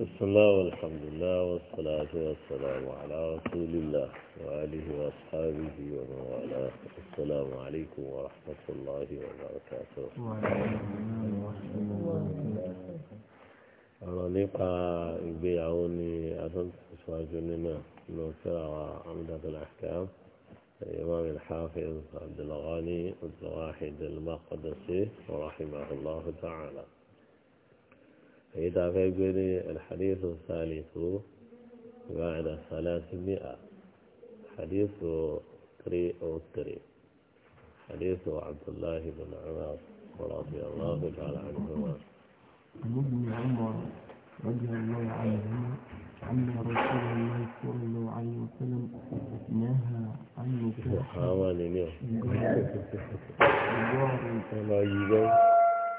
بسم الله والحمد لله والصلاة والسلام على رسول الله وآله وأصحابه ومن والاه السلام عليكم ورحمة الله وبركاته وعليكم السلام ورحمة الله وبركاته. أنا نقع بيعوني أظن سواجننا نوفر عمدة الأحكام الإمام الحافظ عبد الغني الواحد المقدسي رحمه الله تعالى إذا فيقول الحديث الثالث بعد ثلاثمائة حديث تري أو تري حديث عبد الله بن عمر رضي الله تعالى عنهما عن ابن عمر رضي الله عنهما أن رسول الله صلى الله عليه وسلم نهى عن نكاح محاولة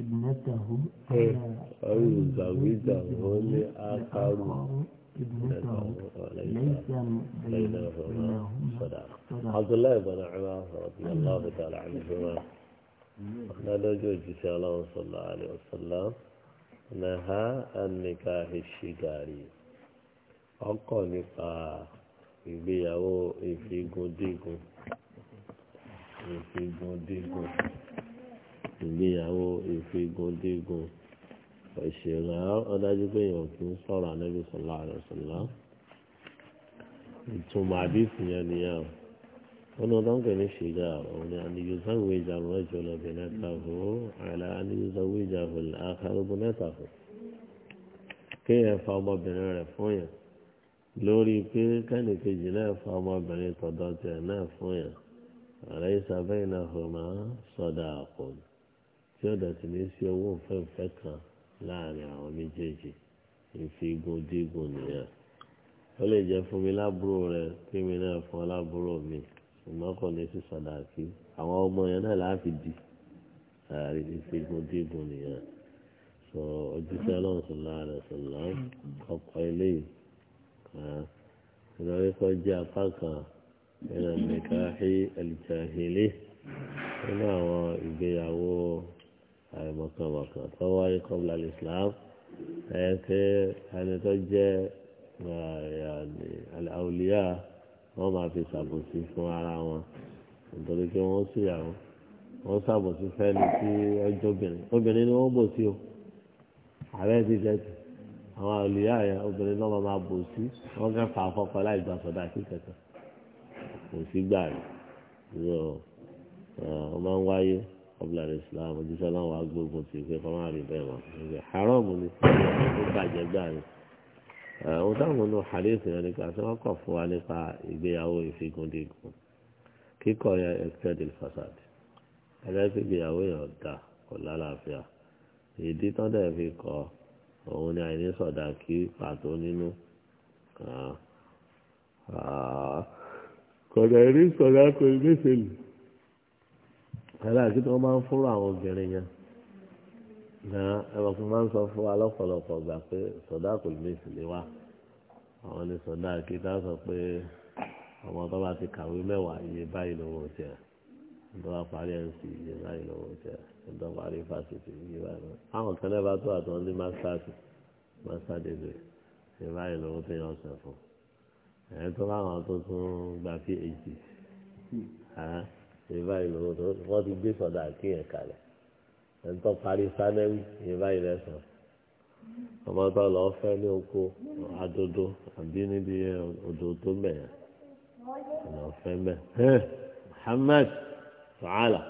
ابنته أو يزوجه لآخر ليس بينهما صداقة عبد الله بن عمر رضي الله تعالى عنهما أخنا نجوج صلى الله عليه وسلم نهى عن نكاح الشجاري ọkọ nípa ìgbéyàwó ìfigundígun ìfigundígun ìgbéyàwó ìfigundígun òṣèlú ọdájú pé èèyàn kì í sọ̀rọ̀ ànábì sọ̀lá rẹ̀ sọ̀lá ìtumọ̀ àdìsí yẹn nìyẹn o wọn náà dáńgẹ̀ ní ṣìgá òun ni àníyùsáwò ìjàmọ̀ ẹ̀jọ̀ lọ́bẹ̀ nẹ́ta hù àlà àníyùsáwò ìjàmọ̀ àkàrọ̀bọ̀ nẹ́ta hù kéèyàn fa ọmọbìnrin rẹ̀ fún yẹn lórí pé kẹ́nìkejì náà fa ọmọbìnrin tọ̀dọ̀ tẹ̀ náà fún yẹn àlẹ́ ìsàbẹ̀yìn náà hù máa sọ̀dà àkọ́ni tí ọ̀dà sì ní sí owó òfẹ́ǹfẹ́ kan láàrin àwọn méjèèjì ìfigun dígun nìyẹn ó lè jẹ́ fún mi lábúrò rẹ kí mi náà fún alábúrò mi ṣùgbọ́n kò ní sí sàdáàkì àwọn ọmọ yẹn náà láàfi di àárín ìfigun dígun nìyẹn sọ ojúṣe ọlọ́run sọ láàrin ṣọlá ọkọ̀ ilé ìrọ̀lẹ́ kọ́ jẹ́ apá kan ìrọ̀lẹ́ káhí ẹ̀lìjáhìlì nínú àwọn ìgbéyàwó àìmọ̀kànmọ̀kàn tó wáyé kọ́bla islam ẹ̀ pé ẹni tó jẹ́ àwòlíyà wọ́n máa fi ṣàbòsí fún ara wọn nítorí pé wọ́n sì àwọn wọ́n ṣàbòsí fẹ́ni tí ọjọ́ obìnrin obìnrin ni wọ́n bò sí o ààrẹ ti gẹ̀ẹ́sì àwọn àwòlíyà yẹn obìnrin náà máa bò sí wọ́n kẹ́ fà láì gbà sọ́dá sí kẹ̀kẹ́ kò sí gbà rẹ̀ ọmọ ń wáyé ọ̀bùlà islam ojúṣe ọlọ́run wa gbógun ti pé kọ́ máa rí bẹ́ẹ̀ mọ́ ìgbẹ́ haram ni ó bàjẹ́ gbà ni. ohun táwọn ọ̀nà hadith yẹn ni pé wọ́n kọ̀ fún wa nípa ìgbéyàwó ìfigúndínkù kíkọ̀ yẹn extended fasad ẹlẹ́sìn ìgbéyàwó yẹn ọ̀dà kò lálàáfíà ìdí tán dẹ̀ fi kọ́ òun ni àìní sọ̀dà kí pàtó nínú kọ̀dà ìrí sọ̀dà kò ní pẹ̀lú àti tí wọ́n máa ń fúnra àwọn obìnrin yẹn na ẹ̀rọ fún máa ń sọ fún wa lọ́pọ̀lọpọ̀ gbà pé sọ̀dá kò lè sì lè wá àwọn ní sọ̀dá kí tá a sọ pé ọmọ tó bá ti kàwé mẹ́wàá iye báyìí lówó tiẹ̀ tó bá parí mc iye báyìí lówó tiẹ̀ tó parí fásitì iye báyìí lówó àwọn kan náà tó àtọ́ ní masters master iye báyìí lówó tó yàn ọ̀sẹ̀ fún ẹ̀ tó láwọn tó tún gba phd. Hmm ìbá ìlú wọn ti gbé sọdọ àti yẹn kalẹ̀ ẹni tó parí sanẹwì ìbá ìlú ẹsàn ọmọ tó lọ fẹ́ ní oko adodo àbí níbi odò tó mẹyà ọmọ fẹ́ mẹ Muhammad sàálà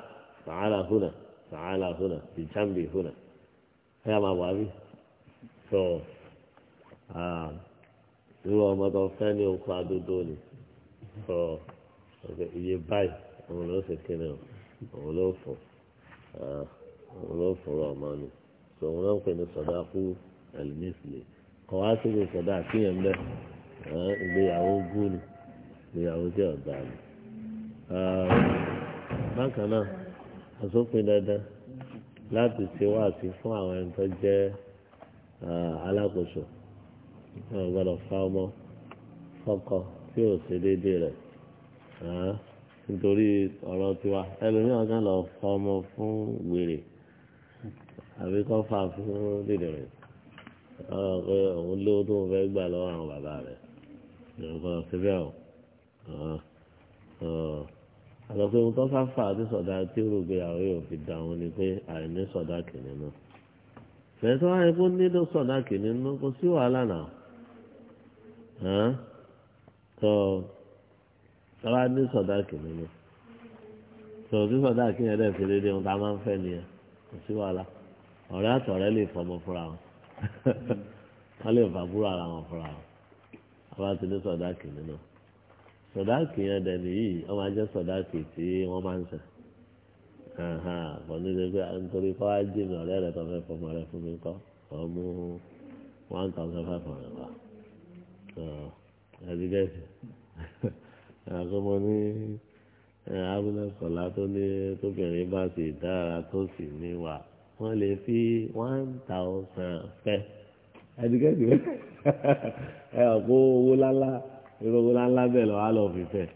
sàálà húnà sàálà húnà bìjàmbì húnà ẹ yà máa wà bí tó irú ọmọ tó fẹ́ ní oko adodo ni tó iye báyìí òun ló sì kéde òun ló fò ah, òun ló fòrò ọmọ nù sòun ló ń pè ní sọdá kú ẹlẹmísìlẹ kọ wá sí ní sọdá àkíyàn bẹ ìgbéyàwó gún ni ìgbéyàwó jẹ ọgbà ni. Ah, bákan náà àsopin dandan láti ṣe wáàsí fún àwọn ẹni tó jẹ ah, alákòóso wọn gbọ́dọ̀ fa ọmọ fọkọ tí ò ṣe déédéé rẹ nítorí ọ̀rọ̀ tiwa ẹlòmíràn kan lọ fọmọ fún wèrè àbí kọ́ fà fún dìdìrín ọ̀rọ̀ pé òun lówó tó ń fẹ́ gbà lọ́wọ́ àwọn bàbá rẹ̀ ìrọ̀kọ̀ síbẹ̀ ọ̀ àlọ́ pé ohun tó fáfà àti sọ̀dá tí ó rògbé àwọn yóò fi da òun ni pé àìní sọ̀dá kìnìún náà bẹ́ẹ̀ tó wáyé kó nílò sọ̀dá kìnìún náà kó sí wàhálà náà tọ́lá ní sọ̀dáàkì nínú tòun tí sọ̀dáàkì yẹn dẹ̀ fi lédè ohun tá a máa ń fẹ́ nìyẹn kò sí wàhálà ọ̀rẹ́ àtọ̀rẹ́ lè fọmọ fúnra wọn wọ́n lè fà búrò ara wọn fúnra wọn àbá ti ní sọ̀dáàkì nínú sọ̀dáàkì yẹn dẹ̀ nìyí wọ́n máa jẹ́ sọ̀dáàkì tí wọ́n máa ń sẹ̀ kò ní lè gbé nítorí kọ́ á jí mi ọ̀rẹ́ rẹ̀ tó fẹ́ fọmọ rẹ fún mi kọ́ kọ́ one thousand five hundred wa ẹ̀ẹ́dígẹ́sì àkọ́mọ ní abúlẹ̀kọ̀lá tó ní tóbìnrin bá sì dára tó sì níwà wọ́n lè fi one thousand fẹ́ ẹ̀dígẹ́dì ẹ ọ̀pọ̀ owó lálá irú owó lálá bẹ́ẹ̀ lọ́wọ́ á lọ fi fẹ́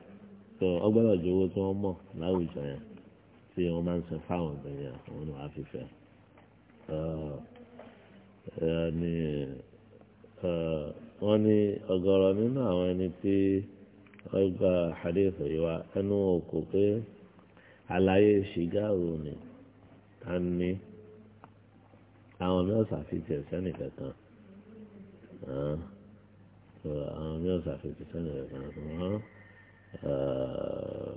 tó ọgbọ́dọ̀ ju owó tí wọ́n mọ̀ láwùjọ yẹn tí wọ́n máa ń sọ fáwọn obìnrin yẹn òun ni wàá fi fẹ́ wọ́n ní nínú àwọn ẹni tí wọ́n gba àdéhùn ìwà ẹnu òkú pé àlàyé ṣìgá òun ni ta ni àwọn mìíràn ṣàfihàn sẹ́nì kankan àwọn mìíràn ṣàfihàn sẹ́nì kankan eh,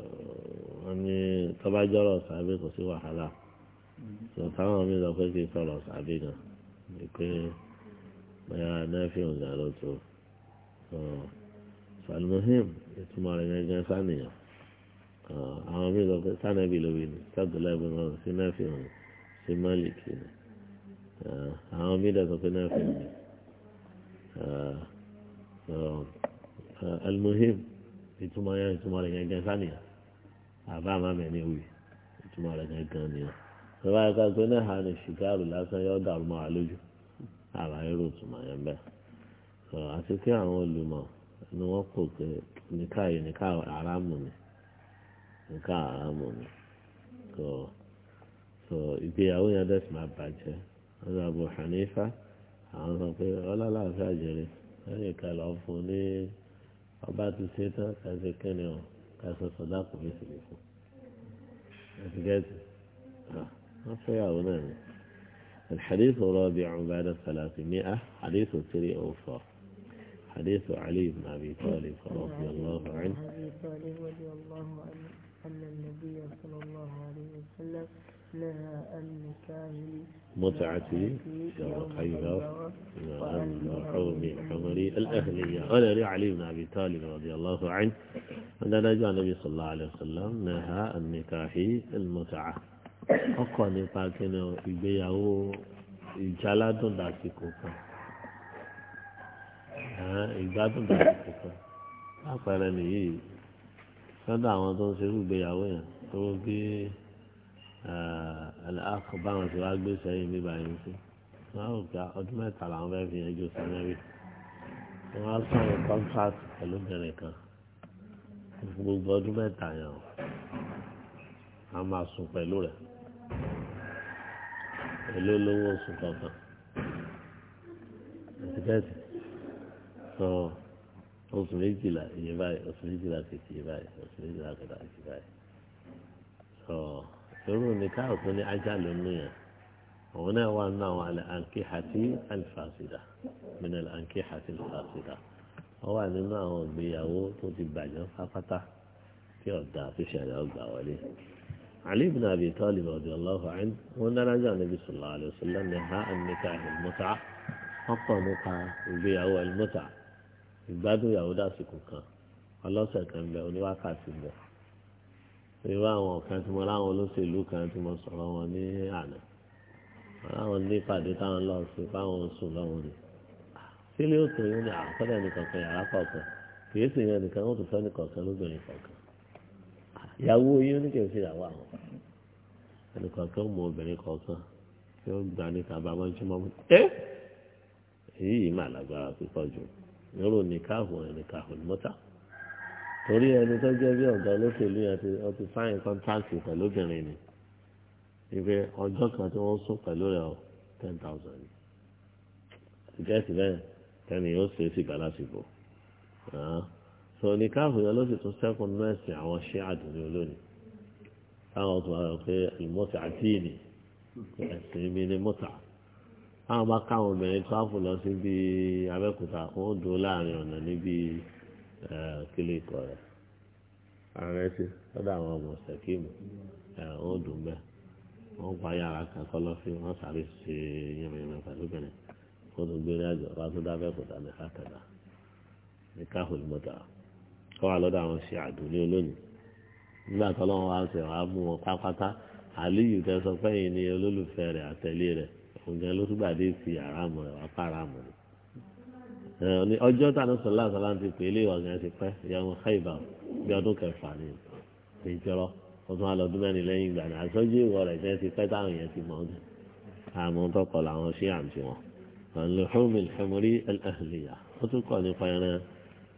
wọ́n ní tọ́bájọ́rọ̀ sàbẹ̀ kò sí wàhálà sọ̀tàwọn mìíràn pé kí n sọ̀rọ̀ sàbẹ̀ gan ni pé bóyá náà fi hàn gà فالمهم يتم على مجال ثانية عوامل ثانية بلوين تبدو لا يبنى هذا سنافي سمالك عوامل تنافي المهم يتم على يتم على مجال ثانية أبا ما معني وي يتم على مجال ثانية فما يقال تنهى عن الشكال لأسا يودع المعلوج على يروت ما ينبه àti kí àwọn olùmọ̀ ni wọ́n kò pé nìka yìí nìka àràmù ni nìka àràmù ni kò so ìgbéyàwó yẹn dẹ́sì máa bàjẹ́ ọ̀dọ̀ Abu Hanifa àwọn sọ pé ọlọ́láàfin àjèrè lẹ́yìn ìkàlọ̀ fún ní ọba ti ṣe tán kàṣe kẹ́ni ọ̀ kàṣe sọ̀dá kò fi sì lè fún àti gẹ́tì wọ́n fẹ́ yàwó náà ni الحديث الرابع بعد الثلاثمائة حديث 304 حديث علي بن أبي طالب رضي الله عنه أبي طالب رضي الله عنه أن النبي صلى الله عليه وسلم نهى عن نكاه متعة شرقيها خيبر وأن حرم حمر الأهلية أنا علي بن أبي طالب رضي الله عنه أن رجع النبي صلى الله عليه وسلم نهى عن نكاه المتعة ọkọ̀ nípa kí ni ìgbéyàwó ìjáládùn ìgbádùn tàbí kankan àpẹẹrẹ nìyí sọ́dọ̀ àwọn tó ń ṣerú ìgbéyàwó yẹn tó bí àkọ́ báwọn ti wá gbé sẹ́yìn bí báyìí sí wọ́n á rò pé ọdún mẹ́ta làwọn fẹ́ fi yanjú sẹ́mẹ́rì wọ́n á sọ̀rọ̀ contract pẹ̀lú obìnrin kan gbogbo ọdún mẹ́ta yẹn a máa sùn pẹ̀lú rẹ̀ pẹ̀lú olówó oṣù kọ̀ọ̀kan sọ oṣù méjìlá iye báyìí oṣù méjìlá kejì iye báyìí oṣù méjìlá kẹta kejì báyìí sọ irú ni káyọ̀ tó ní ajá ló ní yẹn òun náà wà nínú àwọn àǹkíhàtì àlìfàṣìdà min àǹkíhàtì àlìfàṣìdà ó wà nínú àwọn ìgbéyàwó tó ti bàjẹ́ pápátá tí ọ̀dà tó ṣẹlẹ̀ ọgbà wọlé. علي بن أبي طالب رضي الله عنه ونرجع النبي صلى الله عليه وسلم نهاء النكاح المتعة حتى نقع بيع المتعة ìgbádùn ìyàwó dásìkò kan ọlọ́sẹ̀ kan bẹ oníwákàtí bẹ irú àwọn kan tí mo láwọn olóṣèlú kan tí mo sọ̀rọ̀ wọn ní àná láwọn ní ìpàdé táwọn lọ sí fáwọn oṣù lọ́wọ́ ni sílé òtò yẹn ní àkọ́dẹ̀ nìkankan yàrá kọ̀ọ̀kan kìí sì yẹn nìkan wọ́n tún fẹ́ nìkankan lóbìnrin kọ̀ọ̀kan ìyàwó yín ní kìí sì yàwó àwọn ẹnìkankan mọ obìnrin kọ̀ọ̀kan tí ó gbà ní tàbá mọ́júmọ́ ẹ́ èyí yìí mà lágbára pípọ̀ jù yọrọ nìkàhùn ẹ̀ nìkàhùn mọ́tà torí ẹni tó jẹ́ bí ọ̀gá olóṣèlú yẹn ti ọ ti fáyìn kọ́ńtáàkì pẹ̀lú obìnrin ni ìfẹ́ ọjọ́ kan tí wọ́n sún pẹ̀lú rẹ̀ ọ ten thousand ni ìgẹ́sì bẹ́ẹ̀ tẹ́ni yóò ṣe é sì gbà lásìkò sọ nìkàhùn yẹn ló sì tún sẹ́kùn nọ́ọ̀sì àwọn ṣé àdùnní olónìí táwọn tó wà rẹ̀ pé ìmọ̀tà àti ìní ẹ̀sìn mi ni mọ́tà táwọn bá káwọn obìnrin tó àfò lọ síbi abẹ́kúta wọn ò dúró láàrin ọ̀nà níbi kílè ikọ̀ rẹ̀ ààrẹ sí lọ́dọ̀ àwọn ọmọ ṣèkíìmù wọn ò dùn bẹ́ẹ̀ wọ́n pa yàrá kan kọ́ lọ́fí wọ́n sáré ṣe yẹmẹyẹmẹ pẹ̀lú bẹ̀rẹ̀ kó tó gbé ní àjọ ọba tó dábẹ́ kúta ní fàtàdà ní mọ́tà kọ́ wà lọ́dọ̀ àwọn ṣe àdúlé olónìí nígbà tó òǹgàn ló tún gbàdé ti àràmù rẹ̀ wá pàràmù rẹ̀ ní ọjọ́ tàbí sọlá sọlá ti pè é lé ọ̀gàn ti pẹ́ ìyàwó Khaybar bí ọdún kẹfà ni ìjọrọ ọdún alọ́dún mẹ́rin lẹ́yìn ìgbà náà àsọjí ìwọ rẹ̀ jẹ́ ti pẹ́ táwọn èèyàn ti mọ̀ ọ́n àmọ́ tọkọ làwọn ṣí àǹtí wọn. àlùhùnmi ìfẹ́mọ́rí ẹlẹ́hìnlẹ́yà ó tún kọ́ nípa ẹran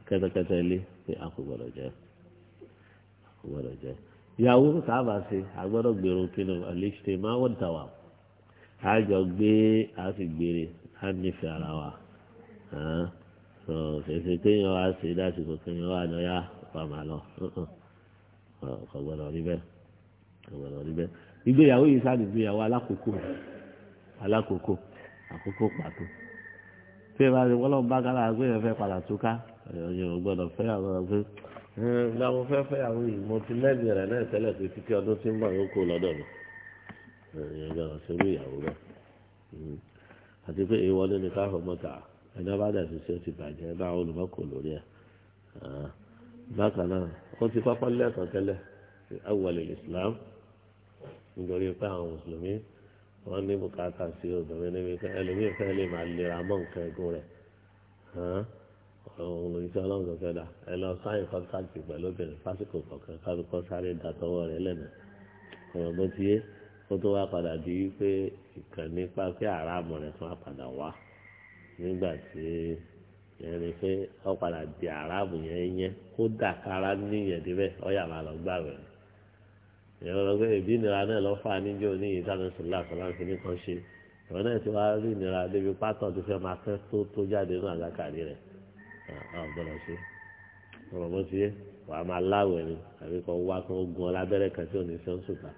kẹ́tẹ́kẹ́tẹ́ ilé pé a kò gbọ́dọ̀ àjọ gbé àfìgbére á nífẹ̀ẹ́ ara wa fèsì kéèyàn wá sí lásìkò kéèyàn wá lọ́yà pàmà lọ kò gbọdọ̀ rí bẹ́ẹ̀ kò gbọdọ̀ rí bẹ́ẹ̀ ìgbéyàwó yìí sáà nìgbéyàwó alákòókò alákòókò àkókò pàtó tí ẹ bá ti wọ́n lọ́n bá kára àgbéyàn fẹ́ padà túká ẹ̀yìn ò gbọdọ̀ fẹ́ àwọn ọ̀gbìn ẹ̀ ẹ̀ gbàmọ́ fẹ́ fẹ́ àwọn ìmọ̀tí lẹ́gbẹ̀rẹ̀ náà tẹ́lẹ̀ pé títí ọdún tí ń bọ̀ yóò kó lọ́dọ̀ mi èèyàn gbọ́dọ̀ sí irú ìyàwó rẹ̀ àti pé èèwọ̀ ní káfọ́ mọ́ta ẹni bá dà sí sí ó bàjẹ́ bá olùmọ́kò lórí ẹ̀ ah, bákan náà ó ti pápá lẹ́ẹ̀kan tẹ́lẹ̀ sí Islam nítorí pé àwọn mùsùlùmí wọ́n ní bùkátà sí obìnrin níbi ẹlòmíì fẹ́ lè máa lera mọ́ nǹkan ẹ̀gún rẹ̀ àwọn ah, olùsọ ọlọ́run kọ̀ọ̀kan dà ẹ lọ sáyìn kọ́ńtàkì pẹ̀lú obìnrin fásitì kọ̀ọ̀kan kálukọ́ sáré dàtọ́wọ́ rẹ̀ lẹ́nu ọ̀rọ̀ bó ti yé kó tó wá padà di wípé ìkàn nípa pé àràmù rẹ̀ tún á padà wá nígbà tí yẹn ni pé ó padà di àràmù yẹn yẹn kó dàkárá níyẹn débẹ̀ ọ̀yà máa lọ gbàwẹ̀ ìyẹn lọ pé ìbí ìnira náà lọ fà níjó ní ìdáná sọlá sọlá fi ní kan ṣe ìwọ náà ti wá rí ìnira débi pátọ̀ tó fẹ́ máa fẹ́ tó tó jáde náà lákàrí rẹ̀ ọ̀gbọ́dọ̀ ṣe ọ̀rọ̀ mọ́ ti yé wàá máa láwẹ̀ ni àbí kan wá kan ó gun ọ lábẹ́rẹ́ kan tí ò ní fẹ́ ń sùkà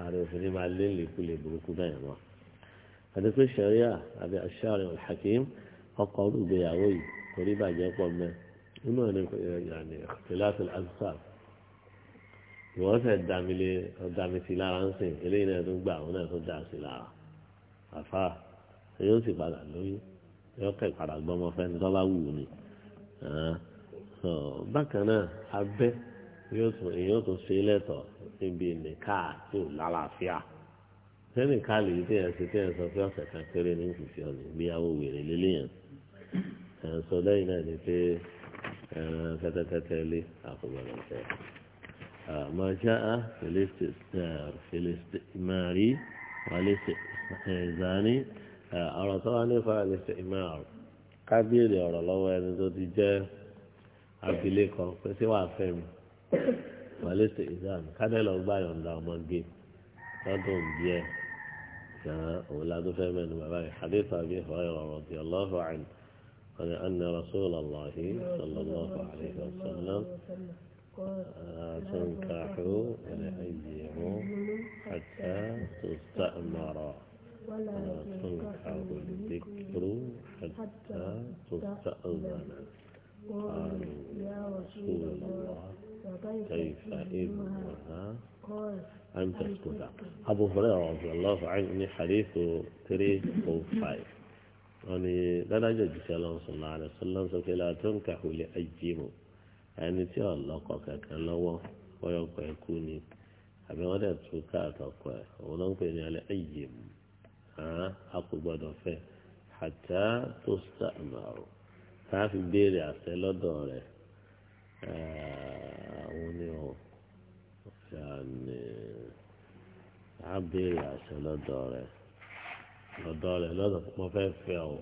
ààrẹ òfin ní máa lé lèkulè burúkú náà mọ́ àti pé sẹ́ríà àbí aṣááre alhakim ọkọ̀ olùgbéyàwó yìí torí bàjẹ́ pọ̀ mẹ́ nínú ẹni ìyànnì ìtìláṣẹ azkar ìwọ́n fẹ́ dami sí lára ń sìn eléyìí náà tó gbà àwọn náà tó dà sí lára àfa yóò sì padà lóyún yóò kẹ́ padà gbọ́mọ fẹ́ni tó bá wù ú ni bákan náà abẹ́ yóò tún ṣe lẹ́tọ̀ níbi nìka tí ò lálàáfíà sẹ́ni káàlì yìí téèyàn ṣe téèyàn sọ pé ọ̀sẹ̀ kan péré ní kùsì ọ̀nà ìgbéyàwó wèrè lélẹ́yìn ẹ̀ sọ lẹ́yìn náà ni pé kẹ́tẹ́kẹ́tẹ́ lé àkọ́gbọ̀nà tẹ̀. ما جاء في الاستئثار في الاستئمار والاستئذان ọ̀rọ̀ tó wà nípa الاستئمار kábíyèrè ọ̀rọ̀ lọ́wọ́ ẹni tó ti jẹ́ abilékọ pé sí wàá fẹ́ mi. wàlẹ́sẹ̀ ìdáàmù kádẹ́lọ̀ gbà yọ̀ǹda ọmọge lọ́dún díẹ̀ na òun ládùn fẹ́ mẹ́nu bàbá rẹ̀ hadith àbí ìfọ̀rẹ́ ọ̀rọ̀ bí ọlọ́fọ̀ àìn wọn ni anna rasul allahi sallallahu alayhi wa sallam tunkaxu alhajiru xata tustamara tunkaxu dikru xata tustamara قالوا يا رسول الله كيف إذنها أن تسكت أبو هريرة رضي الله عنه حديث 345 يعني لنا جد صلى الله عليه وسلم سوف لا تنكح لأجيم يعني تي الله قاك كان لو يكوني أبي غدا تسكت أتوقع ولنقع لأجيم ها أقول بدو فيه حتى تستأمر ها في بيري أسأل دوري oníhò yanni a béèrè àṣẹ lọ́dọ̀ rẹ̀ lọ́dọ̀ rẹ̀ lọ́dọ̀ mo fẹ́ fẹ́ o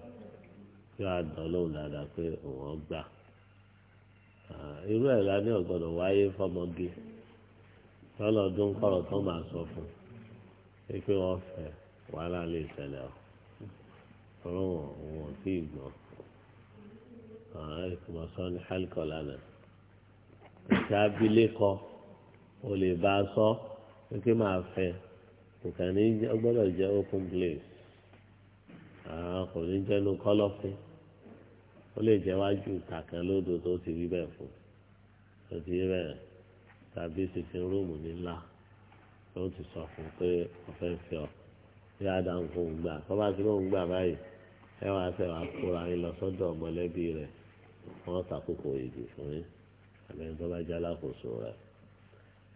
kí a dán lóhùn dáadáa pé òun gbà eh, irú ẹ̀ la ní ọ̀gbọ́dọ̀ wáyé fọmọge lọ́lọ́dún kọ̀rọ̀ tó máa sọ fún pé wọ́n fẹ́ wàhálà lè ṣẹlẹ̀ o ọ̀rọ̀ wọn ò tí ì gbọ́n àwọn eh, ìfọwọ́sọ ní hálíkọ̀ lánàá ìṣe abilékọ o lè bá a sọ wípé máa fẹ́ kò kàn ní gbọ́dọ̀ jẹ́ open place àwọn kò ní jẹ́nu kọ́lọ́fín ó lè jẹ́ wájú kàkan lódò tó ti rí bẹ́ẹ̀ fún tó ti rí bẹ́ẹ̀ tàbí sitting room nílá ló ti sọ fún pé ọ̀fẹ́ fi ọ bí adam kò ń gbà tó bá ti lóun gbà báyìí ẹ wàá fẹ́ wàá kóra yín lọ sọ́dọ̀ mọ̀lẹ́bí rẹ̀ wọ́n sàkókò èdè fún yín àmì ẹni tó bá jẹ́ alákòóso rẹ̀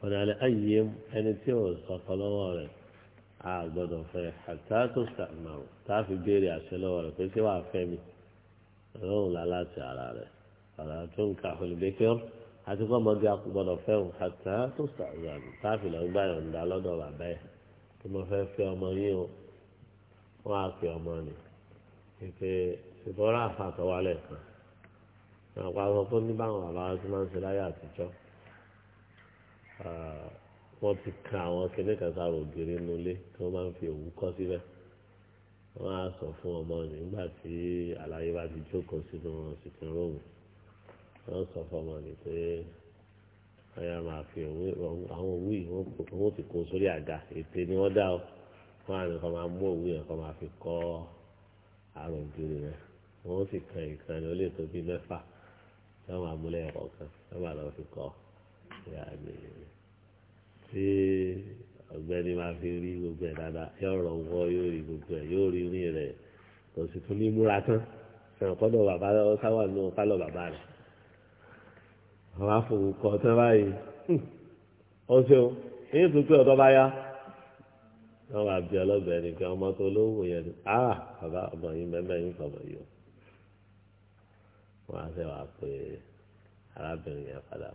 ọ̀nà àlẹ́ ayé ẹni tí ò sọkọ lọ́wọ́ rẹ̀ a gbọ́dọ̀ fẹ́ àtàtò sàmàrò tá a fi béèrè àṣẹ lọ́wọ́ rẹ̀ pé ṣé wàá fẹ́ mi ọlọ́run láláṣẹ ara rẹ̀ ọ̀nà tó ń ka olùdókè àti kọ́ ọmọdé a kò gbọ́dọ̀ fẹ́ òun àtàtò sàmàrò tá a fi lọ gbà yọ̀ǹda lọ́dọ̀ bàbá yẹn tí mo fẹ́ fẹ́ ọmọ yín o wọ́n á pè ọmọ ni pé ṣùgbọ́n ráàfà wálẹ̀ kan àwọn àwọn tó ní báwọn bàbá wa ti máa ń ṣe láyé àtijọ́ wọ́n ti kan àwọn kinní kan sára ògiri nulẹ̀ tí wọ́n máa ń fi òwú kọ́ síbẹ̀ wọ́n á sọ fún ọmọ rẹ̀ nígbà tí àlàyé bá ti jókòó sínú sìkìn róòmù wọ́n sọ fún ọmọ rẹ̀ pé ọyà máa fi àwọn òwú yìí wọ́n ti kó sórí àga ètè ni wọ́n dá ọ wọ́n á ní kọ́ máa mú òwú yẹn kọ́ máa fi kọ́ àrògiri rẹ̀ wọ́n sì kan ìkànnì ó lè tó bí mẹ́fà yóò máa mú lẹ́yìn kọ̀ọ̀kan yóò máa lọ fi kọ́ ìyá mi tí ọ̀gbẹ́ni máa fi rí gbogbo ẹ̀ dáadáa yóò rọ̀ wọ́ yóò rí gbogbo ẹ̀ yóò rí rí rẹ̀ kò sì tún ní múra tán ẹ̀rọ kọ́dọ̀ bàbá sáwà nù pálọ̀ bàbá rẹ̀ àwọn afọwọ́kọ̀ tán báyìí ó ṣeun èyí tún pé ọ̀dọ́ bá yá wọ́n wá ọlọ́bẹ̀ẹ́ nìkan ọmọ tó lówó yẹn ni ah bàbá ọmọ yìí mẹ́mẹ́ yìí kọ̀ ọmọ wọ́n á fẹ́ pé arábìnrin yẹn padà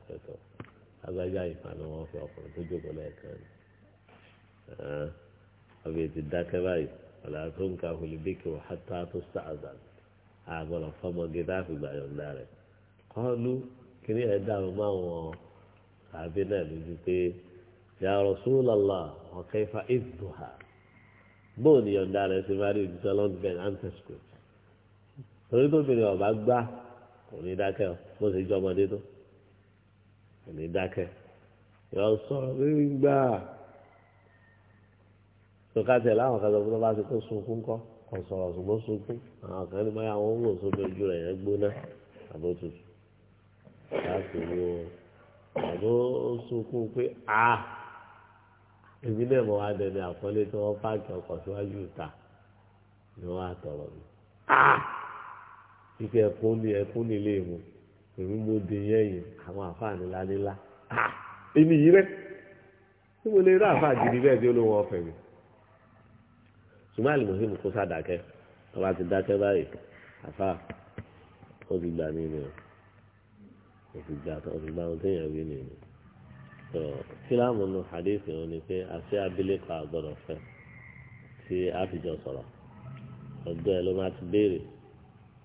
agbájá fi ọkùnrin tó jókòó lẹ́ẹ̀kan ni ọbẹ̀ ti dákẹ́ báyìí ọ̀là tó ń ka hulibíkì wọ́n hátá tó sáàzà àgbọ̀nà láti kiri ẹ̀ dáhùn àbí náà lójú pé ya Rasulullah wa kayfa idduha bóun ni yọ̀ǹda rẹ̀ ti máa rí ìdíjọ́ lọ́nbẹ̀n antescript torí kò ní dákẹ́ o bó ṣe jọ ọmọdé tó kò ní dákẹ́ yọ sọ̀rọ̀ gbígbà tó ká tẹ̀ láwọn kan sọ fún bá ti kó sunkún kọ́ kò sọ̀rọ̀ ṣùgbọ́n sunkún àwọn kan ní báyà wọ́n wò sóbi ojú rẹ̀ yẹn gbóná àbó tutù láti wo àbó sunkún pé a èmi náà mo wá dẹni àpọ́nlé tí wọ́n pààkì ọkọ̀ síwájú ìta ni wọ́n á tọ̀rọ̀ mi ike ẹ̀kún ni ẹ̀kún ni ilé ìmọ̀ èmi mo di yẹn yìí àwọn àfáàní lálélá èmi yìí rẹ tí mo lè rí àfáà gidi bẹ́ẹ̀ tí ó ló wọ́n fẹ̀ mí. ṣùgbọ́n àlùmọ́sí mi kó sàdákẹ́ wọ́n bá ti dákẹ́ báyìí àfáà ó ti gbà nínú ẹ̀ ó ti gbà ó ti gbà ohun téèyàn wí nínú tó kíláàmù nù hadithi wọn ni pé àṣẹ abilékọ àgbọ̀dọ̀ fẹ́ tí a fi jọ sọ̀rọ̀ ọ̀dọ́ ló máa ti béèrè.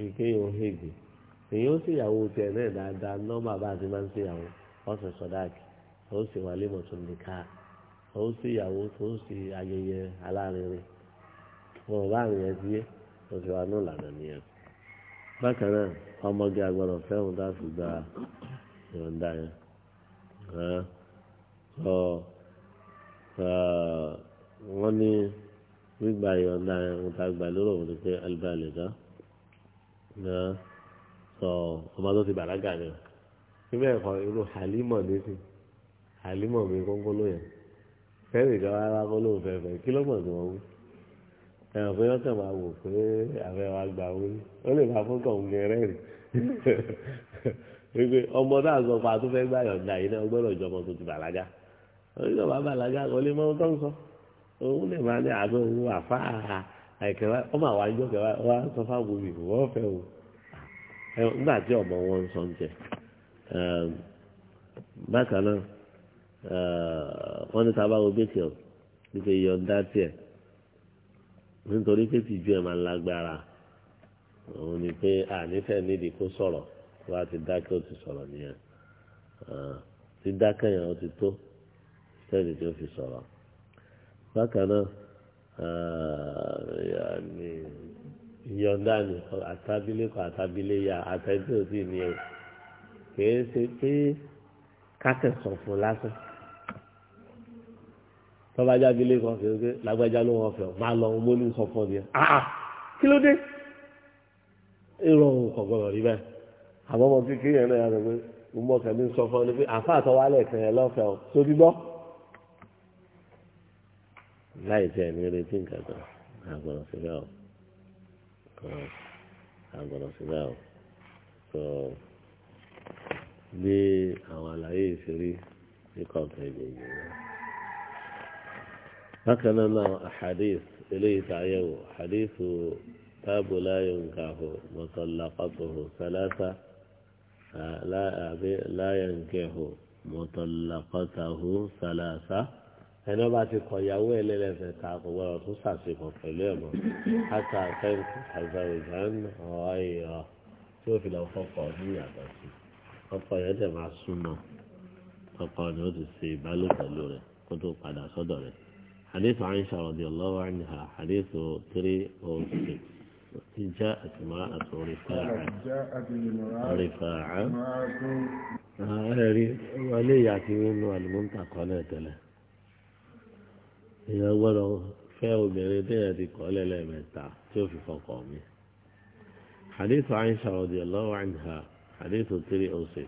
ìké yóò hege èyí ó ṣèyàwó tiẹ̀ náà dáadáa nọ́mbà bá a ti máa ń ṣèyàwó ọ̀sẹ̀ sọ̀dáàkì ó sì wà lẹ́mọ̀ tó ní ká ó ṣèyàwó tó ṣe ayẹyẹ alárinrin wọn ò bá àrùn yẹn díẹ̀ ó sì wà ní ìlànà nìyẹn. bákan náà ọmọge àgbọ̀dọ̀ a gba ìrọ̀ǹda yẹn wọ́n ní gbígba ìrọ̀ǹda yẹn ń ta gbà lóró òun ni pé dán. náà sọ ọmọ tó ti bàlágà ni o síbẹ̀ ẹ̀kọ́ irú halimọ̀ létí halimọ̀ mi kọ́kọ́ ló yẹn fẹ́ẹ̀rì kan wá wá kó lóun fẹ́ fẹ́ kí ló mọ̀ sí wọn wú ẹ̀rọ pé ọkàn máa wò pé àfẹ́ wa gbà wó ni ó lè máa fún kàn gẹ̀rẹ́ rì wípé ọmọ náà sọ pé àtúfẹ́ gbà yọ̀ǹda yìí náà gbọ́dọ̀ jọmọ tó ti bàlágà onígbà bá bàlágà kò lè mọ ohun tó ń sọ òun lè máa ní àbẹ òun àfáà àìkẹ́ wa ọmọ àwọn àjọ kẹ́ wa sọ fáwọn mi wọ́n fẹ́ o nígbà tí ọmọ wọn ń sọ ń jẹ bákan náà wọ́n ní sábà wo bẹ́ẹ̀ tiẹ̀ nípa ìyọ̀ǹda tiẹ̀ nítorí pé tìjú ẹ̀ máa ń lágbára òun ni pé ànífẹ́ nídìí kó sọ̀rọ̀ wá ti dákẹ́ ó ti sọ̀rọ̀ nìyẹn ti dákẹ́ yẹn ó ti tó sẹ́ni tí ó fi sọ̀rọ̀ bákan náà ìyọ̀ǹda ah, ni àtàbílẹ̀kọ àtàbílẹ̀yà àtẹ̀dé òsì ni o kìí ṣe pé kákẹ́sọ̀ fún lásán tọ́ba jábílẹ̀ kan kìí ṣe lágbájá ló wọ́n fẹ́ máa lọ ohun mólú sọ fún ọ nìyẹn ah, ah kí ló dé èrò ohun kò gbọdọ̀ rí bẹ́ẹ̀ àmọ́ ọmọ kékeré yẹn náà yàtọ̀ pé mo mọ̀ kẹ́mi sọ fún ọ ní pé àfáà tọ́wálẹ̀ kẹ́yẹ lọ́fẹ̀ẹ́ o sódì gbọ́ láì tẹ̀ ní retí nǹkan kan àgbọ̀nà síbẹ̀ o àgbọ̀nà síbẹ̀ o tó bí àwọn àlàyé ìṣeré ní kọ̀ọ̀kan ìgbèjì náà. bákan náà náà àhàdíìs eléyìí tààyẹ̀wò àhàdíìsù táàbù láyò nǹkan àhò mọ̀tọ́lápàtòhò sálásá láyò nǹkan àhò mọ̀tọ́lápàtòhò sálásá ẹni ọba ti kọ ìyàwó ẹlẹ́lẹ́fẹ̀ ta kò gbọdọ̀ tún ṣàṣepọ̀ pẹ̀lú ẹ̀mọ́ àti àfẹ́ǹkì àzàròjàn ọ̀ọ́yọ̀ tí ó fi lọ fọkọ̀ ní ìyàtọ̀ sí ọkọ̀ yẹn tẹ̀ máa súnmọ́ ọkọ̀ ni ó ti ṣe ìbálò pẹ̀lú rẹ̀ kó tó padà sọ́dọ̀ rẹ̀ àdéhùn àyíṣà ọ̀dẹ̀ ọlọ́wọ́ àyíṣà àdéhùn three oh six جاءت امرأة èèyàn gbọ́dọ̀ fẹ́ obìnrin téèyàn ti kọ́ lẹ́lẹ́mẹ̀ta tí ó fi fọkọ̀ mi. حديث عائشة رضي الله عنها حديث تري أوسي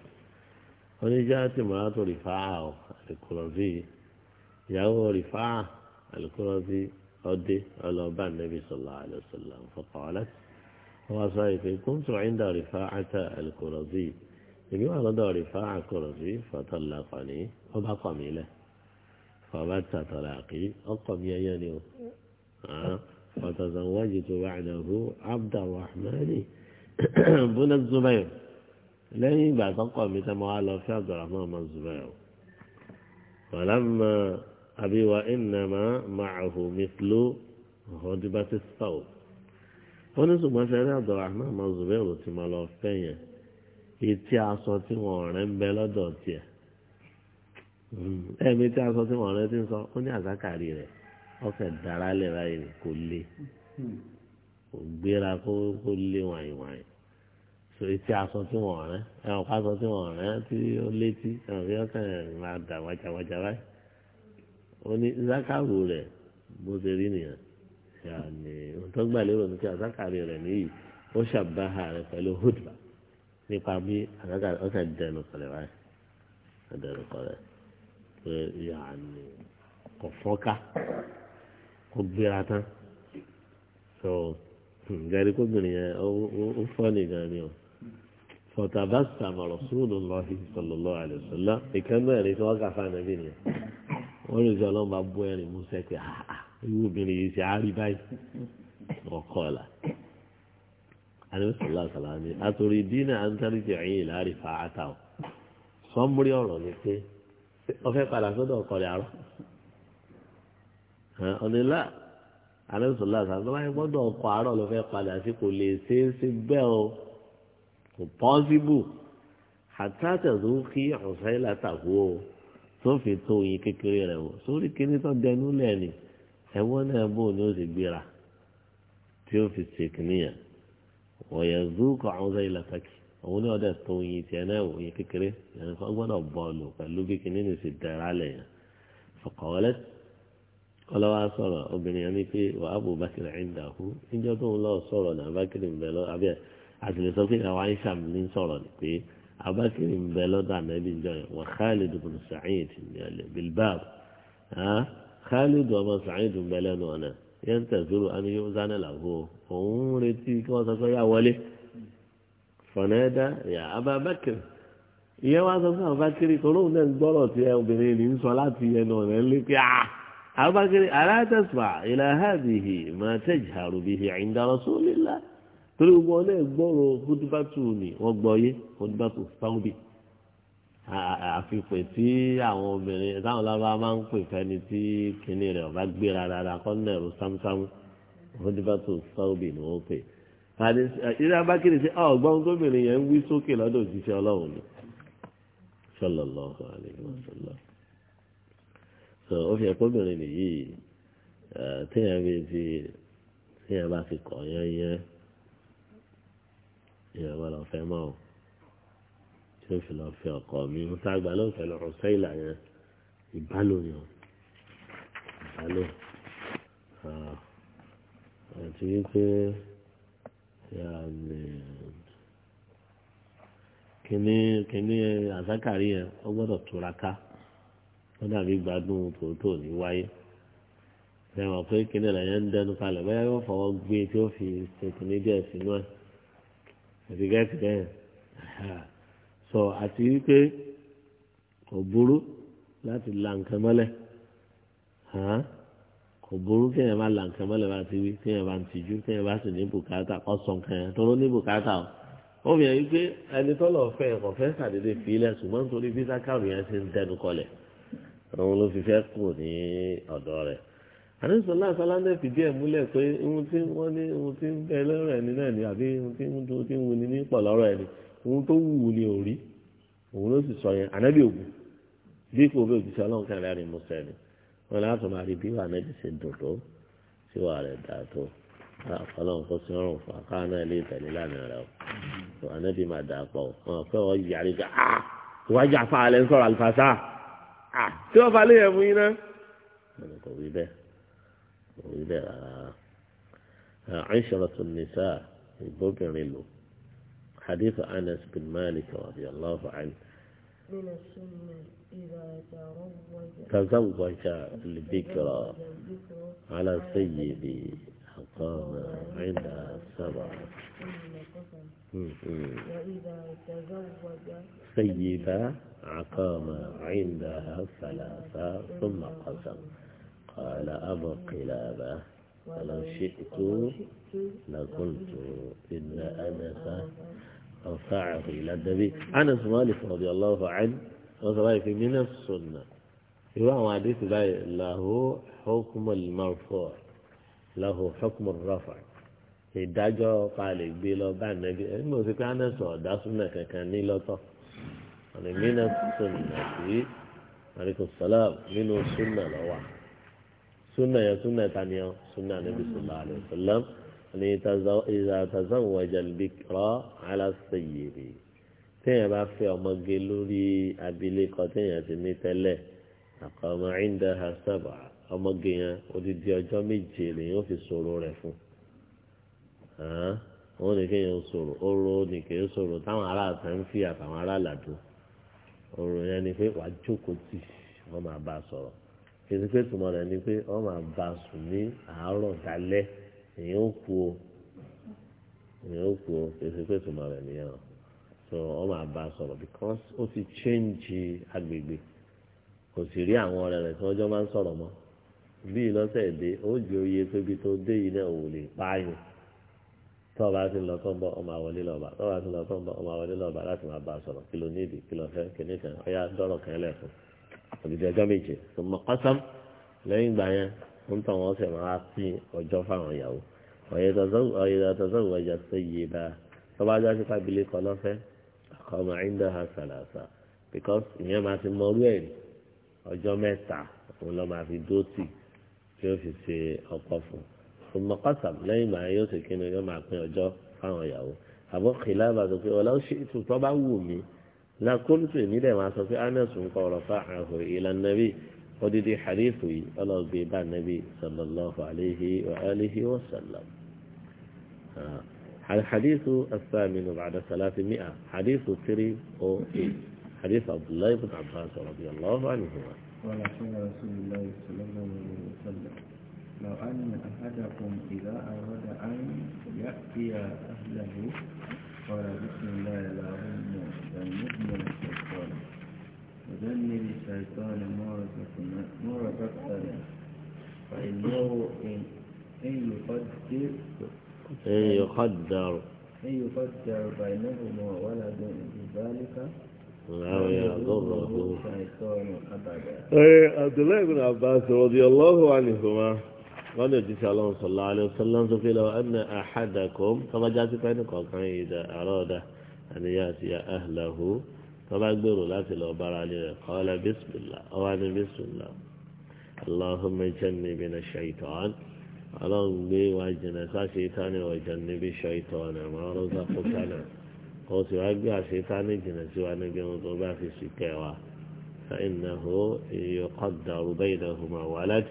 ونجات امرأة رفاعة الكرزي يهو رفاعة الكرزي أدي ألوبا النبي صلى الله عليه وسلم فقالت وصيفي كنت عند رفاعة الكرزي يقول أنا رفاعة الكرزي فطلقني وبقى له فبت طلاقي أقم يا ينيو فتزوجت بعده عبد الرحمن بن الزبير لين بعد أقم يتمعال في عبد الرحمن بن الزبير فلما أبي وإنما معه مثل هدبة الثوب ونسوا ما شاء عبد الرحمن بن الزبير تمالوفين يتي عصوتي ورنبلا دوتيه ẹ̀mí tí a sọ sí mọ̀rẹ́ tí ń sọ ó ní àzákàrí rẹ̀ ọkẹ̀ dára lẹ̀ báyìí ni kò le kò gbéra kó kó lé wàyìn wàyìn so etí aṣọ tí wọn rẹ ẹwọn ká aṣọ tí wọn rẹ tí ó létí ẹwọn fi ọkàn máa dà wájàwájà báyìí ó ní zákàrú rẹ bó ṣe rí nìyẹn yàní ohun tó gbà lérò ní kí àzákàrí rẹ nìyí ó ṣàbáhà rẹ pẹ̀lú hudba nípa bí àzákàrí ọkàn dẹnu kọlẹ báyìí ọdẹnu kọlẹ pé yàní kò fọ́ká kò gbéra tán so gari kóbìnrin yẹn ó fọ́ nìkan ni o fọtàbá sàmọ̀rọ̀ sóòlù lọ́hìn sọlọ́lọ́ àlùsọ́lá ìkànnì ẹ̀rín tí wọ́n kà fáwọn ẹbí nìyẹn wọ́n lè sọ ọlọ́run bá bú ẹ̀rín mú sẹ́kẹ̀ àà ah, ah, irú obìnrin yìí ṣe àárí báyìí ọkọ ọ̀la àlùsọ́lá sàlámì àtòrí dínà àǹtálíjì ẹ̀yìn ìlàrí fàáta ọ̀ sọ́múrí ọ̀rọ̀ ni pé ọfẹ padà sọ́dọ̀ ọkọlẹ àrọ ọdínlá àlẹsọlá sàgbọn báyìí gbọ́dọ̀ ọkọ àárọ ló fẹ́ padà sí kò lè ṣe é ṣe bẹ́ẹ̀ o kò pọsibú àtàtẹ̀sọ kí ọ̀sẹ̀ látàkú o tó fi tó oyin kékeré rẹ o sórí kíní tó dẹnu lẹ́ni ẹ̀wọ́n náà bò ní o gbéra tí ó fi ṣèkìníyàn wọ̀nyẹ̀ zúkọ̀ ọ̀sẹ̀ látàkì òun ní ọdẹ tó yin tiẹ̀ náà wò yin kékeré yẹn kó gbọ́dọ̀ bọ́ọ̀lù pẹ̀lú bí kinní ní sì dẹ̀ra lẹ̀ yẹn fọkànwọlẹ́ ọlọ́wà sọ̀rọ̀ obìnrin yẹn ní pé wà á bò bákìrì ẹ̀ńdàkú níjọ́ tó ń lọ sọ̀rọ̀ ní abákìrì ń bẹ lọ abẹ́ àtìlẹ́ sọ pé àwọn aisha mi ń sọ̀rọ̀ ni pé abákìrì ń bẹ lọ́dọ̀ ànábì ń jọyọ̀ wà Khalid ibn Sa'id bilbab Khalid ọmọ Sa'id ń bẹ lẹ́nu ọ̀nà yẹn tẹ̀síwò àníyó fọ̀nẹ́dá ìyá ababakiri ìyẹn wá sọ fún abakiri tó lóun náà gbọ́rọ̀ tí obìnrin ní ń sọ láti ẹnu ọ̀rẹ́ ń lé pé a ah, abakiri alátẹ̀sùmá ìlà hàbìhì máa tẹ̀jì àrùbìhì inda rasulillah torí wọn náà gbọ́rọ̀ hudubatu ni wọ́n gbọ́ yé hudubatu sáwùbì àfipè tí àwọn obìnrin táwọn lábá máa ń pè fẹ́ni tí kinní rẹ̀ ọ̀bá gbéra dáadáa kọ́ náà rú sámsámú hudubatu sáwùbì ni wọ́n pè é ìrìn abákìrì sí ah, ọgbọ́n gómìnà yẹn ń wí sókè lọ́dọ̀ òjíṣẹ́ ọlọ́run ni sallallahu alaihi wasallam so ó fi ẹ̀kọ́ obìnrin nìyí téèyàn bí ti téèyàn bá fi kọ̀ yẹn yẹn èèyàn bá lọ fẹ́ mọ́ ọ tí ó fi lọ fi ọkọ mi ń ságbá ló ń fẹ́ lọ́rùn sẹ́yìnlá yẹn ìbálò ni ọ ìbálò ah, àti kìnní kìnní àzákàrí yẹn ó gbọ́dọ̀ túra ká ó dàbí gbádùn tòótọ́ ní wáyé ẹ mọ̀ pé kìnní rẹ̀ yẹn ń dẹnu kalẹ̀ bẹ́ẹ̀ yóò fọwọ́ gbé tí ó fi ṣèkìnní díẹ̀ sínú ẹ̀ àti gẹ́gẹ́ bẹ́ẹ̀ sọ àti wípé kò burú láti la nǹkan mọ́lẹ̀ hàn kò burú kéèyàn bá la nǹkan mọ́lẹ̀ bá ti wí kéèyàn bá ń tìjú kéèyàn bá sì ní bùkátà kọ́ sọ nǹkan yẹn tó ló ní bùkátà o. wọ́n fi hàn yí pé ẹni tó lọ fẹ́ ẹ̀kọ́ fẹ́ sàdédé fi ilẹ̀ ṣùgbọ́n nítorí bí sákàrù yẹn ṣe ń dẹnu kọlẹ̀ òun ló fi fẹ́ kù ní ọ̀dọ́ rẹ̀. àdéhùnsọ́lá sálándé fìdí ẹ̀ múlẹ̀ pé ohun tí wọ́n ní ohun tí ń bẹ lọ́rọ̀ ẹni náà ni àbí ohun tí ń wù ní pọ̀ lọ́rọ̀ ẹni ohun tó wù wọn láti máa rí bí wà náà ṣe dùn tó tí wà rẹ̀ dà tó àfọlọ́n kó sí ọrùn fún akáwọn náà lè tẹ̀lé lánàá rẹ̀ o wọn náà bí máa dà pọ̀ wọn fẹ́ wọ́n yàrí ká a wájà fa alẹ́ sọ̀rọ̀ àlùfáàsá a tí wọ́n fa lè fún yín náà. wọn kò wí bẹ́ẹ̀ kò wí bẹ́ẹ̀ rárá àìṣọ́rọ̀tò nìṣà ìbóbìnrin lò hadith Anas bin Malik radiyallahu anhu. من السنة إذا تروج تزوج الذكرى على سيدي أقام عندها السبع وإذا تزوج سيدة عقام عندها ثلاثة ثم قسم قال أبو قلابة فلو شئت لكنت إن أنس أرفعه إلى النبي أنس مالك رضي الله عنه وصلى من السنة يروى حديث له حكم المرفوع له حكم الرفع ìdájọ́ palẹ̀ gbé lọ bá nẹ́bí ẹ̀ mọ̀ sí pé anẹ́sọ̀ ọ̀dá súnà kankan ní lọ́tọ̀ ọ̀nà mìíràn súnà sí àríkò sọ́lá nínú súnà lọ́wọ́ súnà yẹn súnà tani ọ́ súnà nẹ́bí àlẹ́ sọ́lá ìzàtàzáwọ̀jà bìkọ́ aláṣẹyèrè téèyàn bá fẹ́ ọmọge lórí abilékọ téèyàn ti ní tẹ́lẹ̀ àkọ́mọ ìndà hasaba ọmọge yẹn odidi ọjọ́ méje lèyìn ó fi sọ̀rọ̀ rẹ̀ fún wọn ní kéèyàn sọ̀rọ̀ ọ̀rọ̀ ní kéèyàn sọ̀rọ̀ táwọn aráàlú ń fi àtàwọn aráàlú àdó ọ̀rọ̀ yẹn ni pé wàá jókòó tì wọ́n máa bá a sọ̀rọ̀ kìí pé tùmọ̀ rẹ̀ ni pé wọ́n máa bá a sùn ní àárọ̀ dalẹ́ èyàn ó kú o èyàn ó kú o pèsè pé tùmọ̀ rẹ̀ nìyẹn o so wọ́n máa bá a sọ̀rọ̀ because ó ti change agbègbè kò sì rí àwọn ọ̀rẹ́ rẹ̀ tí wọ́n jọ máa ń sọ̀rọ̀ mọ́ bí ìlọ́sẹ̀ èdè ó jẹ́ oyè pébi tó dé yìí náà ò lè pààyàn tọ́ bá ti lọ tán bọ́ ọmọ àwọlé lọ́ba tọ́ bá ti lọ tán bọ́ ọmọ àwọlé lọ́ba láti máa bá a sọ̀rọ̀ kí ló ní kí ló fẹ́ kìíní kan ọ̀yá dọ́rọ̀ kan lẹ̀ òdìdí ọjọ́ méje tó mọ kọ́sọ́m lẹ́yìn ìgbà yẹn ń tàn wọ́n sì máa sí ọjọ́ fáwọn ìyàwó ọ̀yẹ̀dà tọ́sán ìwọ̀jà ṣe yé bá tó bá jásí pábílì kan lọ́fẹ́ ọmọ ìndà ha ṣàlàṣà because ìyẹn máa ti mọ orú ẹ̀ ọjọ́ mẹ́ta òun lọ́ máa fi dóòtì tí ó fi ṣe ọkọ fún un mọ̀kọ́sàm lẹ́yìn màá yóò ṣe kí ni yóò máa pín ọjọ́ fáwọn ìyàwó àbọ̀ kìlá bá sọ pé ọ̀la ó ṣe ètò tó bá wù mí lakólútù èmi dẹ̀ máa sọ pé ánẹ́sùn kọ̀ ọ̀rọ̀ fáwọn ìlànà bíi odidi xariifu yìí ọlọ́ọ̀gbé bá النبي صلى الله عليه وآله وسلم آه، الحديث الثامن بعد ثلاثمائة حديث أو حديث عبد الله بن عباس رضي الله عنهما قال رسول الله صلى الله عليه وسلم لو أن أحدكم إذا أراد أن يأتي أهله قال بسم الله العظيم المؤمن وذلل الشيطان مرة أكثر فإنه إن يقدر إن يقدر إن يقدر بينهما ولد بذلك أو يضره إيه، عبد الله بن عباس رضي الله عنهما قال النبي صلى الله عليه وسلم فقيل أن أحدكم فما جاءت بينكم قال إذا أراد أن يأتي أهله tọ́ba gbèrò láti lọ bára lé rẹ̀ kọ́lá bísmìlá ọwá ní bísmìlá aláhùnmí jẹ́ni bí na ṣàìtàn ọlọ́run gbé wa jìnà sáṣetánì wà jẹ́ni bí ṣàìtàn àmọ́ ọlọ́sà kúkánà kò sì wá gbé àṣetánì jìnà sí wa níbi ohun tó bá fi sì kẹ́ wa fẹ́ẹ̀nàhó èyí kọ́dà rúbẹ́ ìdàhùnmá wà láti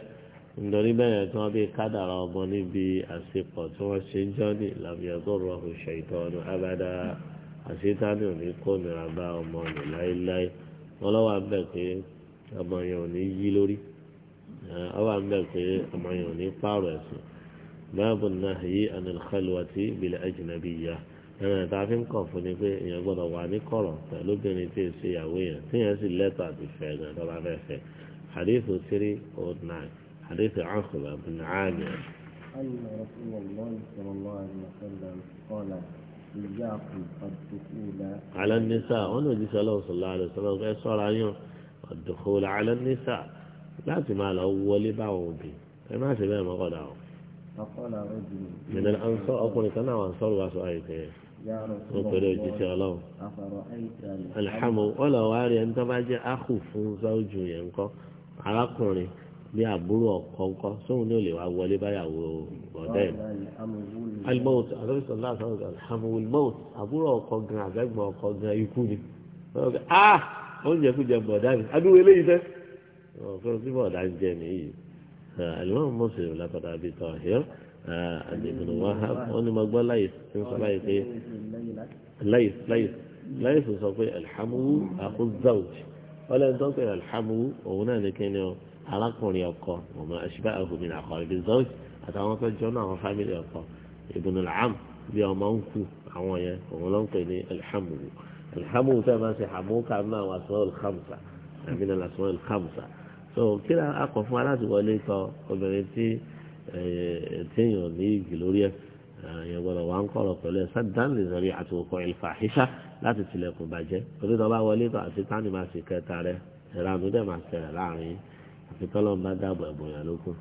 nítorí bẹ́ẹ̀ tí wọ́n bí kádàrà ọmọ níbi àṣepọ̀ tí wọ́n ṣe ń jọ́ ní ṣàìtàn abada àṣetánì ò ní kórìíra bá ọmọ rẹ̀ láéláé wọn lọ́wọ́ à ń bẹ̀ pé ọmọ yẹn ò ní yí lórí ọwọ́ à ń bẹ̀ pé ọmọ yẹn ò ní pààrọ̀ ẹ̀sìn báàbù náà yí anilkhalwati bil ajnabiyya ẹ̀rìn tá a fi ń kọ̀ fún ni pé èèyàn gbọ́dọ̀ wà ní kọ̀rọ̀ pẹ̀lú obìnrin tí èsì ìyàwó yẹn tí yẹn sì lẹ́tọ̀ àti fẹ́ gan tó bá fẹ́ fẹ́ hadith three oh nine hadith ankhula bin aamir. على النساء وانا دي سأله صلى الله عليه وسلم غير صار عيون الدخول على النساء لا تمال أول بعوض فما سبب ما قد عوض فقال رجل من الأنصار أقول كنا وأنصار وأسوأيك يا رسول الله أفرأيت الحمو ولا واري أنت باجي أخو فنزوجه ينقى على قرني bí àbúrò ọ̀kọ̀ọ̀kọ̀ sóhun ní ò lè wá wọlé báyàwó ọ̀dẹ́ ẹ̀ alimọ́t àtọ́sọ̀ láàtọ́ àmọ́ ilmọ́t àbúrò ọkọ̀ gan àgbẹ̀gbọ̀n ọkọ̀ gan ikú ni ah oúnjẹ kú jẹ bọ̀dá mi adúwọ̀ eléyìí fẹ́ ọ̀fẹ́ tí bọ̀dá ń jẹ nìyí alimọ́t mọ́sùlùmí lápàdà àbí tọ̀hìr àdìgúnnù wahab wọn ni mo gbọ́ láyé tí ń sọ láyé pé láyé láyé láyé sọ sọ pé alhamu akúzáwùj ọlẹ́ni tó ń pè alhamu òun náà ní kíni o arákùnrin ọkọ ọmọ àṣìbá àhùmí àkọ́rẹ́bí záwùj àtàwọn tó jọ náà àwọn fámìlì ọkọ ibn al-am bí ọmọ ń kú àwọn yẹn òun ló ń pè ní alhamu alhamu tẹ́ máa ṣe hamuka nínú àwọn asọ́ alhamsa àbí nínú asọ́ alhamsa so kí ni akọ̀ fún aláṣẹwọlé kọ obìnrin tí téèyàn ní ìgì lórí ẹ̀ yẹn gbọ́dọ̀ wà ń kọ̀rọ̀ pẹ̀lú ẹ̀ sádán lè sọ̀rí àti òkò ìfà àhíṣà láti tilẹ̀kùn bàjẹ́ torí tó bá wọlé tó àti tánì máa ṣe kẹta rẹ̀ ẹ̀rọ dẹ̀ máa ṣẹlẹ̀ láàrin àfikọ́lọ́ ń bá dáàbò ẹ̀bùn yẹn lókun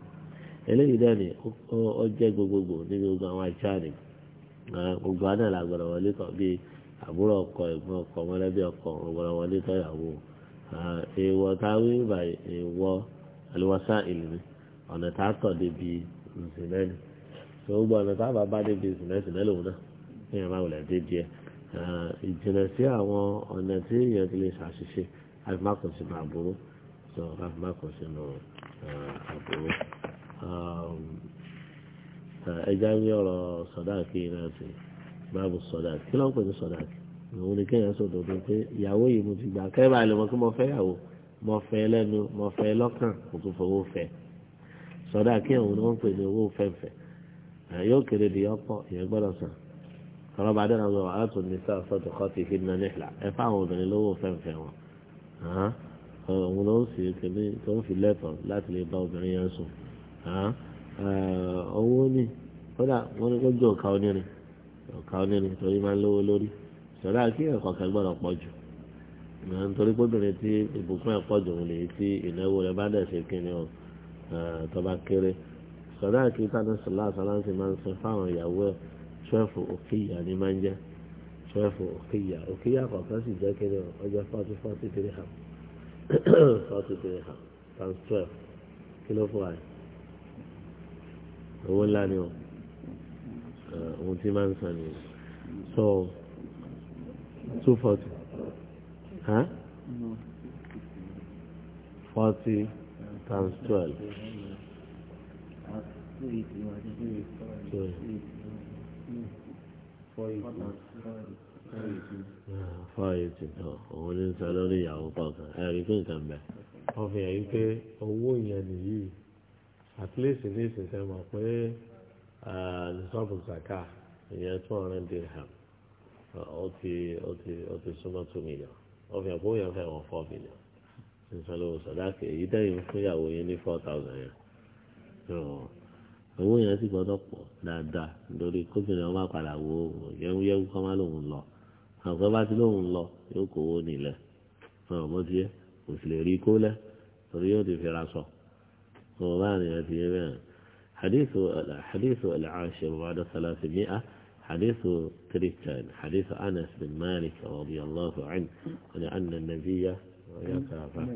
eléyìí náà ni ó jẹ́ gbogbogbò níbi gbogbo àwọn ajá ni gbogbo àná la gbọ́dọ̀ wọlé tán bíi àbúrò ọkọ ẹ̀gbọ́n ọkọ mọ̀lẹ́bí ọkọ gbọ́dọ̀ wọlé tán ìyàwó èèwọ̀ táwí bá èèwọ̀ àlùwọ́sá ìlú ọ̀nà tá a tọ̀ débi ǹsìnẹ́ni tó gbogbo ọ̀nà tá a bá bá débi ǹsìnẹ́sìnẹ́ lòun náà èèyàn máa wọlé dé díẹ̀ ìjìnlẹ̀ sí àwọn ọ̀nà tí èèyàn ti lè ṣàṣìṣe àfi má kò sínú àbúrò àfi àbúrò. Um, ẹja ń yọ̀rọ̀ sọ̀dáàkì náà sí báàbù sọ̀dáàkì kí ló ń pè ní sọ̀dáàkì òun ni kéèyàn sọ òdodo pé ìyàwó yìí mo ti gbà kẹ́rẹ́ báyìí lọ́mọ kí mo fẹ́ yàwó mo fẹ́ lẹ́nu mo fẹ́ lọ́kàn kò tún fowó fẹ́ sọ̀dáàkì òun ni wọ́n ń pè ní owó fẹ́fẹ́ yóò kéré di ọ̀pọ̀ ìyẹn gbọ́dọ̀ sàn ọ̀rọ̀ bá dé náà wọ́n á tún ní sáà sọ́tọ̀ kọ́ ti fi nà nílà ẹ fáwọn obìnrin lówó fẹ́fẹ́ wọn òun ló ń sì kéde tó ń fi lẹ́tọ̀ọ́ láti lè bá obìnrin yẹn sùn owó ní kódà wọ́n ní kójú ọ̀ka onírin ọ̀ka onírin torí máa ń lówó lórí sọ̀rọ̀ àti ẹ̀kọ́ kan pọ̀ jù nítorí pọ́bìnrin tí ìbùkún ẹ̀pọ̀ jù lè tí ìnáwó rẹ̀ bá dẹ̀ ṣe kíni ọ̀ tọba kéré sọ̀rọ̀ àti tánà sọ̀lá sọ̀láǹsì máa ń sọ fáwọn ìyàwó ẹ̀ ṣẹ́ẹ̀fù òkìyà ni máa ń jẹ́ ṣẹ́ẹ̀fù òkìyà òkìyà kọ̀ọ̀kan sì owó ńlá ni ọ eh, ohun tí máa ń san ni so two forty forty times twelve. Four eighty ah, tán, oh, òun ní sọ lórí ìyàwó kọ̀ọ̀kan, ẹ̀rí pé nǹkan bẹ̀. Wọ́n fi pé owó yẹn nìyí at least ní ìsinsìnyí mọ̀ pé nisọ́bù zaka ìyẹn two hundred dirham uh, ó ti ó ti ó ti súnmọ́ two million ó fi hàn pé ó yàn fẹ́ wọn four million sísan lówó sọ̀dáàkì èyí dẹ́yìn fún ìyàwó yẹn ní four thousand yẹn owó yẹn sì gbọ́dọ̀ pọ̀ dáadáa nítorí kóbìnrin ọmọ padà wo yẹ́wúyẹ́wú kọ́ má lòun lọ àwọn bá ti lóun lọ yóò kówó nílẹ̀ ọmọ bó ti kò sì lè rí kó lẹ̀ torí yóò ti fi ra sọ. ثمانية يمين حديث حديث العاشر بعد ثلاثمائة حديث تريتان حديث أنس بن مالك رضي الله عنه لأن النبي يتعفى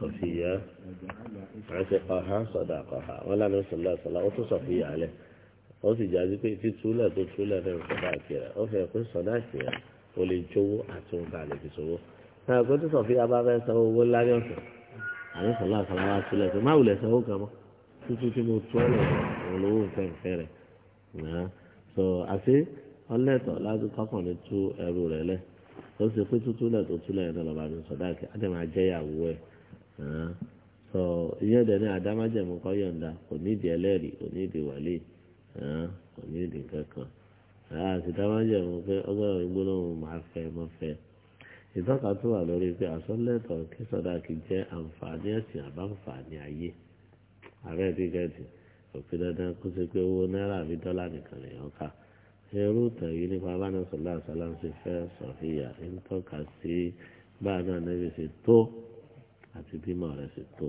صفية عتقها صداقها ولا نسأل الله صلى الله صفية عليه ó sì jáde pé tí في tó túlẹ̀ náà sọ̀dáàkì rẹ̀ ó fẹ́ pé sọ̀dáàkì rẹ̀ ó lè jówó àti ohun tá a lè fi sọ̀wọ́. ẹ̀kọ́ tí sọ̀fíà bá fẹ́ san owó ńlá ní ọ̀sẹ̀ àwọn sọlá àsàlá wa sílẹ̀ pé má wulẹ̀ sanwó kan mọ́ títí tí mo tú ọ̀rọ̀ àwọn olówó nǹkan ìfẹ́ rẹ̀ náà sọ àti ọlẹ́tọ̀ láti kọ́kànlé tú ẹrù rẹ̀ lẹ̀ ó sì pé tútú lẹ̀ tó túlẹ̀ yẹn lọ́ba mi sọ̀dá kí á dẹ̀ máa jẹ́ ìyàwó ẹ̀ sọ ìyẹn dẹ̀ ní àdámájẹ̀mú kọ́ yọ̀ǹda kò nídìí ẹlẹ́rìí kò nídìí wàlíì kò nídìí kankan àti àdámájẹ̀mú pé ọgbọ́n ìgbóná òun máa fẹ́ mọ́ fẹ́ ìtọ́ka tó wà lórí pé àsọ́lẹ̀tọ̀ kí sọ́dáàkì jẹ́ àǹfààní ẹ̀sìn àbáǹfààní ayé ààrẹ dígẹ́tì òfin dandan kó ṣe pé owó náírà àbí dọ́là nìkan lèèyàn ká irú tẹ̀yí nípa bá náà sọ̀lá àṣálà ń ṣe fẹ́ sọ̀fìyà ń tọ́ka sí bá náà níbi ṣe tó àti bímọ rẹ̀ ṣe tó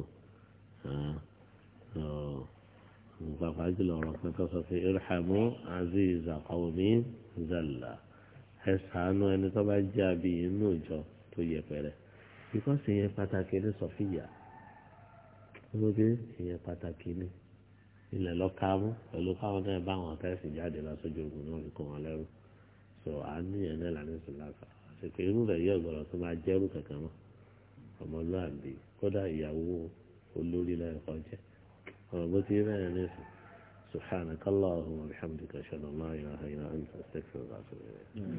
pàápàá jùlọ ọ̀rọ̀ kan tó sọ pé irhamu aziz qawmi zalla ẹ ṣàánú ẹni tó bá jẹ́ àbí inú ìjọ tó yẹ pẹ̀rẹ̀ bíkọ́sì ìyẹn pàtàkì ní sọfíyà olóde ìyẹn pàtàkì ní ilẹ̀ lọ́kàmú pẹ̀lú káwọn náà bá àwọn akẹ́sì jáde lásòjú ogun náà fi kó wọn lẹ́rù sọ àánú yẹn náà lànà ìsìláṣà àsìkò irú rẹ̀ yẹ ọ̀gọ̀rọ̀ tó máa jẹ́rù kankan mọ́ ọmọlúàbí kódà ìyàwó olórí lẹ́ẹ̀kọ́ jẹ́ ọ̀rọ̀ bó ti سبحانك اللهم وبحمدك اشهد ان لا اله الا انت استغفرك واتوب اليك